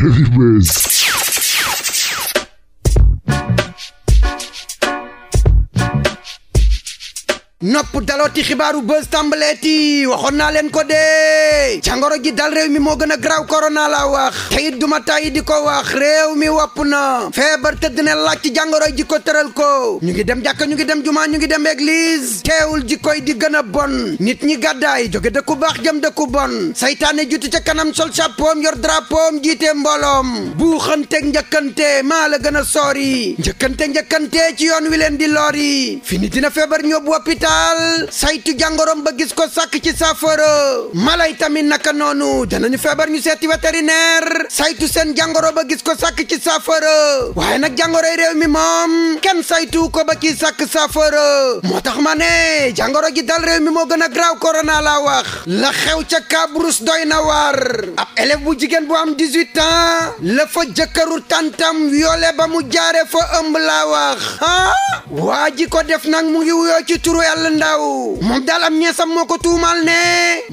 Heavyweight. nopp dalooti xibaaru buzz tàmbaleeti waxoon naa leen ko de jàngoro ji dal réew mi moo gën a graw korona la wax te it duma tàyyi di ko wax réew mi wopp na feebar tëdd na laaj ci jàngoro ji ko tëral ko ñu ngi dem jàkka ñu ngi dem jumaa ñu ngi dem église teewul ji yi di gën a bon nit ñi gàddaay jóge dëkku baax jëm dëkku bon saytaane juti ca kanam sol chapeau yor drapeau jiite mbooloom buuxanteeg njëkkante maa la gën a soori njëkkante njëkkante ci yoon wi leen daal saytu jàngoroom ba gis ko sakk ci saafara mala yi tamit naka noonu danañu feebar ñu seeti vétérinaire saytu seen jàngoro ba gis ko sàkk ci saafara waaye nag réew mi moom kenn saytu ko ba ci sàkk saafara moo tax ma ne jàngoro ji dal réew mi moo gën a graaw corona la wax la ca Kabrousse doy na ab élève bu jigéen bu am 18 ans la fa jëkkëru tantam ba mu jaare fa ëmb laa wax ah ko def nag mu ngi wuyoo ci turu Sall Ndaw moom daal am ñeesam moo ko tuumal ne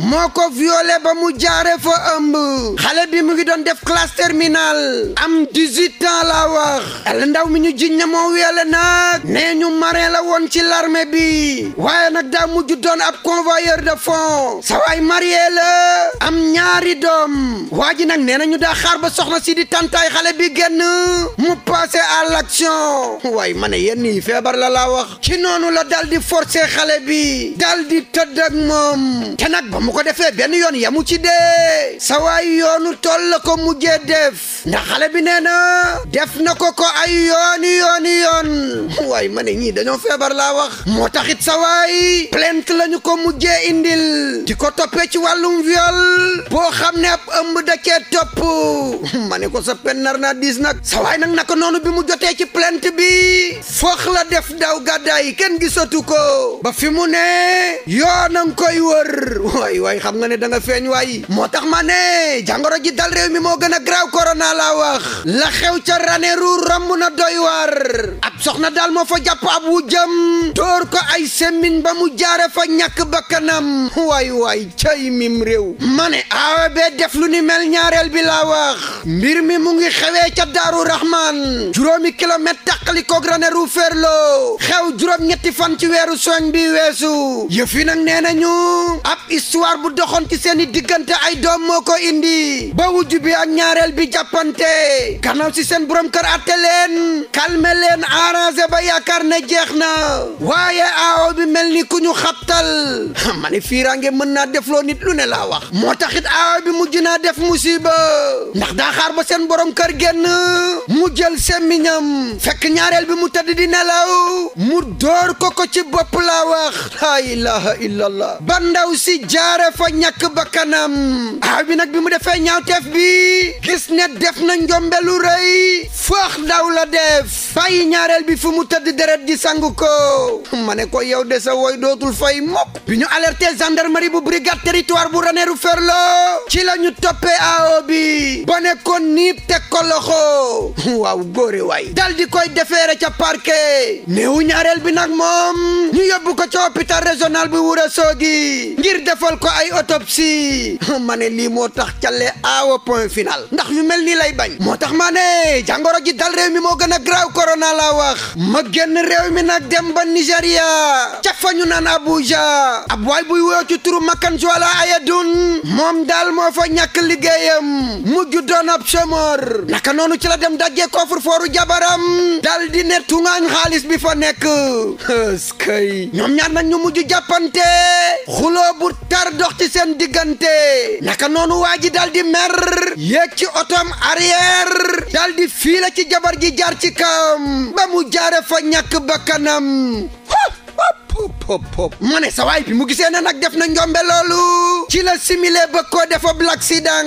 moo ko violé ba mu jaare fa ëmb xale bi mu ngi doon def classe terminale am 18 ans laa wax Sall Ndaw mi ñu jiñ ne moo weele nag nee ñu mare la woon ci l'armée bi waaye nag daa mujj doon ab convoyeur de fonds sa waay la am ñaari doom waa ji nag nee na ñu daa xaar ba soxna si di tantaay xale bi génn mu passé à l'action waaye ma ne yenn yi feebar la laa wax ci noonu la dal di forcer xale bi dal di tëdd ak moom te nag ba mu ko defee benn yoon yamu ci dee sa waay yoonu tool la ko mujjee def ndax xale bi nee na def na ko ko ay yooni yooni yoon feebar laa wax moo taxit sa waay plainte lañu ko mujjee indil di ko toppee ci wàllum viol boo xam ne ab ëmb da cee topp ma ne ko sa pen nar naa diis nag sa waay nag naka noonu bi mu jotee ci plainte bi foox la def daw gàddaay kenn gisatu ko ba fi mu ne yoonang koy wër waay waay xam nga ne da feeñ waay moo tax ma ne jàngoro ji dal réew mi moo gën a graaw corona laa wax la xew ca Ranérou romb na doy war ab soxna daal moo fa jàpp ab wujj jëm ko ay semmiñ ba mu jaare fa ñàkk bakkanam waay waay cay mim réew ma aawe bee def lu ni mel ñaareel bi laa wax mbir mi mu ngi xewee ca daaru rahman juróomi kilomètre tàqali koog rane ferloo xew juróom ñetti fan ci weeru soñ bi weesu yëfi nag nee nañu histoire bu doxoon ci seen i diggante ay doom moo ko indi ba wujj bi ak ñaareel bi jàppante gannaaw si seen borom kër atte leen calme leen arrangé ba yaakaar ne jeex na waaye aawo bi mel ni ku ñu xabtal ma ne fiiraange mën naa defloo nit lu ne laa wax moo taxit aawo bi mujj naa def musiba ndax daa xaar ba seen borom kër génn mu jël semmiñam fekk ñaareel bi mu tëdd di nelaw mu door ko ko ci bopp laa wax laa ilaha illallah ba si bi jaare fa ñàkk bakkanam aaw bi nag bi mu defee ñaawteef bi gis ne def na njombelu rëy faax daw la def bàyyi ñaareel bi fu mu tëdd deret di sangu ko ma ne ko yow de sa woy dootul fay mokk bi ñu alerté gendarmerie bu brigade territoire bu raneeru Ferlo ci la ñu toppee AO bi ba ne ko niib teg ko waaw góore waay dal koy defeere ca parquet néewu ñaareel bi nag moom ñu yóbbu ko ca hôpital régional bu Ourossogui ngir defal ko ay autopsie ma ne lii moo tax Cale aawa point final ndax yu mel ni lay bañ moo tax maa ne jàngoro ji dal réew mi moo gën a graaw corona laa wax ma génn réew mi nag dem ba Nigéria ca fa ñu naan Abuja ab waay buy wéyoo ci turu makkan wala ayadun moom daal moo fa ñàkk liggéeyam mujj doon ab naka noonu ci la dem dajee coffre-fortu jabaram dal di ne tungaañ xaalis bi fa nekk eskay ñoom ñaar nag ñu mujj jàppante xuloo bu tar dox ci seen diggante naka noonu waa ji dal di mer yéeg ci otom arrière dal ci jabar ji jaar ci kam ba mu jaare fa ñàkk bakkanam hop hop mu sa bi mu gisee na nag def na njombe loolu ci la simile ba ko defob l'accident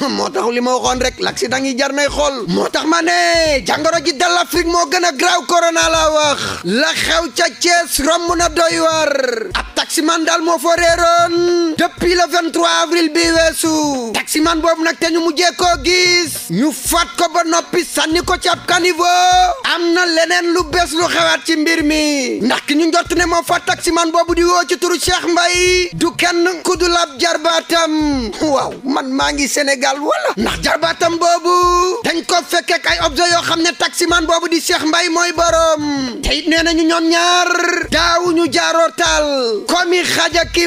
moo tax li ma waxoon rek l'accident yi jar nay xool moo tax ma ne jàngoro ji dala Afrique moo gën a graaw corona la wax la xew ca Thiès romb na doy war ab man daal moo fa réeroon depuis le 23 avril bi weesu taximan boobu nag te ñu mujjee koo gis ñu faat ko ba noppi sànni ko ci ab caniveau am na leneen lu bees lu xewaat ci mbir mi ndax ki ñu njort ne moo faat waa man boobu di woo ci turu Cheikh Mbaye du kenn ku dul ab jarbaatam waaw man maa ngi Sénégal wala ndax jarbaatam boobu dañ ko fekkee ak ay objet xam ne taximan boobu di Cheikh Mbaye mooy borom te it nee nañu ñoom ñaar daawuñu jaaroo taal xaja ki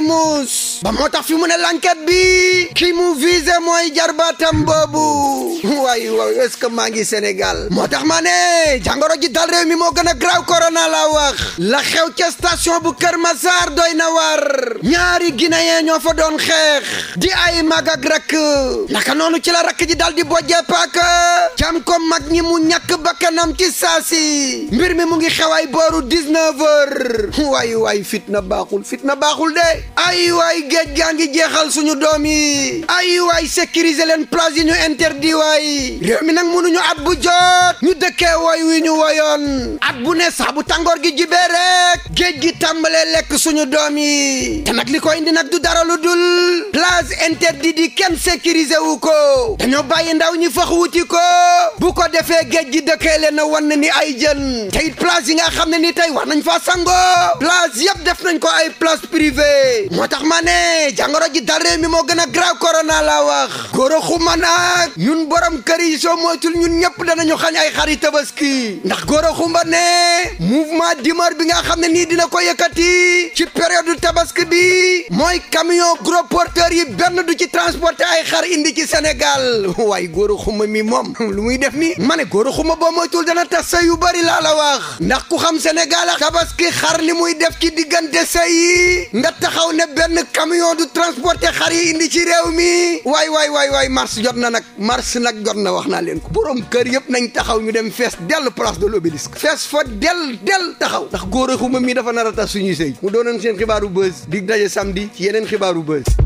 ba moo tax fi mu ne l'enquête bi ki mu visé mooy jarbaatam boobu waay waay est-ce que maa ngi Sénégal moo tax ma ne jàngoro ji dal réew mi moo gën a graaw corona la wax la xew ca station bu Kër Massar doy na war ñaari guinéen ñoo fa doon xeex di ay mag ak rakk naka noonu ci la rakk ji dal di bojjee paaka jam ko mag ñi mu ñakk bakkanam ci saasi mbir mi mu ngi xew ay booru 19 heures fitna baaxul fitna baaxul de ay waay géej gaa ngi jeexal suñu doom yi ay waay sécuriser leen place yi ñu interdit waay réew mi nag mënuñu at bu jot ñu dëkkee woy wi ñu woyoon at bu ne saa bu tàngoor gi jibee rek géej gi tàmbalee lekk suñu doom yi te nag li ko indi nag du dara lu dul place interdit di kenn sécuriser wu ko dañoo bàyyi ndaw ñi fax wuti ko bu ko defee géej gi dëkkee leen a wan ni ay jën te it place yi nga xam ne ni tey war nañ faa sangoo place yëpp def nañ ko ay place privée moo tax ne jàngoro ji dal réew moo gën a grave góor a xuma nag ñun borom kër yi soo moytul ñun ñëpp danañu xañ ay xari tabaski ndax góor a xumba ne mouvement d'humeur bi nga xam ne nii dina ko yëkkati ci période tabaski bi mooy camion gros porteur yi benn du ci transporter ay xar indi ci senegal waaye góor a xuma mi moom lu muy def ni ma ne góor a xuma boo moytul dana tas sa yu bari laa la wax ndax ku xam senegal tabaski xar li muy def ci diggante sa yi nga taxaw ne benn camion du transporter xar yi indi ci réew mi waay waay waay waay mars jot na nag mars nag jot na wax naa leen ko borom kër yëpp nañ taxaw ñu dem fees dell place de l'obélisque fees fa dell del taxaw ndax góor a xuma mi dafa nar a tas suñuy sëy mu doonoon seen xibaaru buzz di daje samedi ci yeneen xibaaru buzz